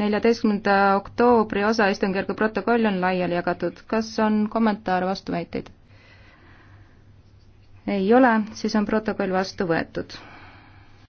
neljateistkümnenda oktoobri osaistungjärgu protokoll on laiali jagatud, kas on kommentaare, vastuväiteid? ei ole, siis on protokoll vastu võetud